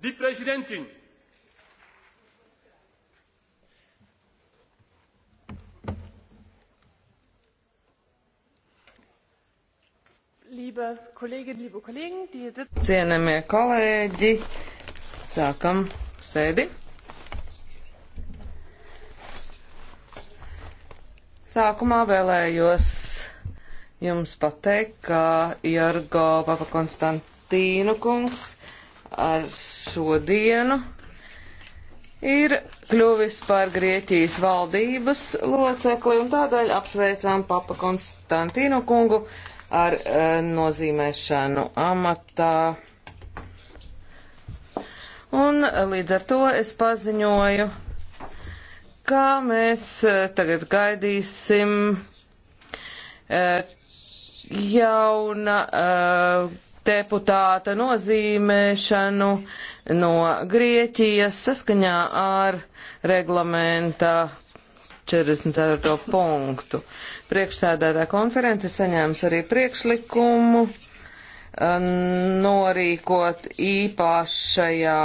Die Präsidentin! Liebe Kolleginnen, liebe Kollegen, die sitzen. Cienējamie kolēģi, sākam sēdi. Sākumā vēlējos jums pateikt, ka Jorgo Papa Konstantīnu kungs ar šo dienu ir kļuvis par Grieķijas valdības locekli un tādēļ apsveicām Papa Konstantīnu kungu ar e, nozīmēšanu amatā. Un līdz ar to es paziņoju, kā mēs e, tagad gaidīsim e, jauna. E, deputāta nozīmēšanu no Grieķijas saskaņā ar reglamenta 44. punktu. Priekšsēdētā konference ir saņēmusi arī priekšlikumu eh, norīkot īpašajā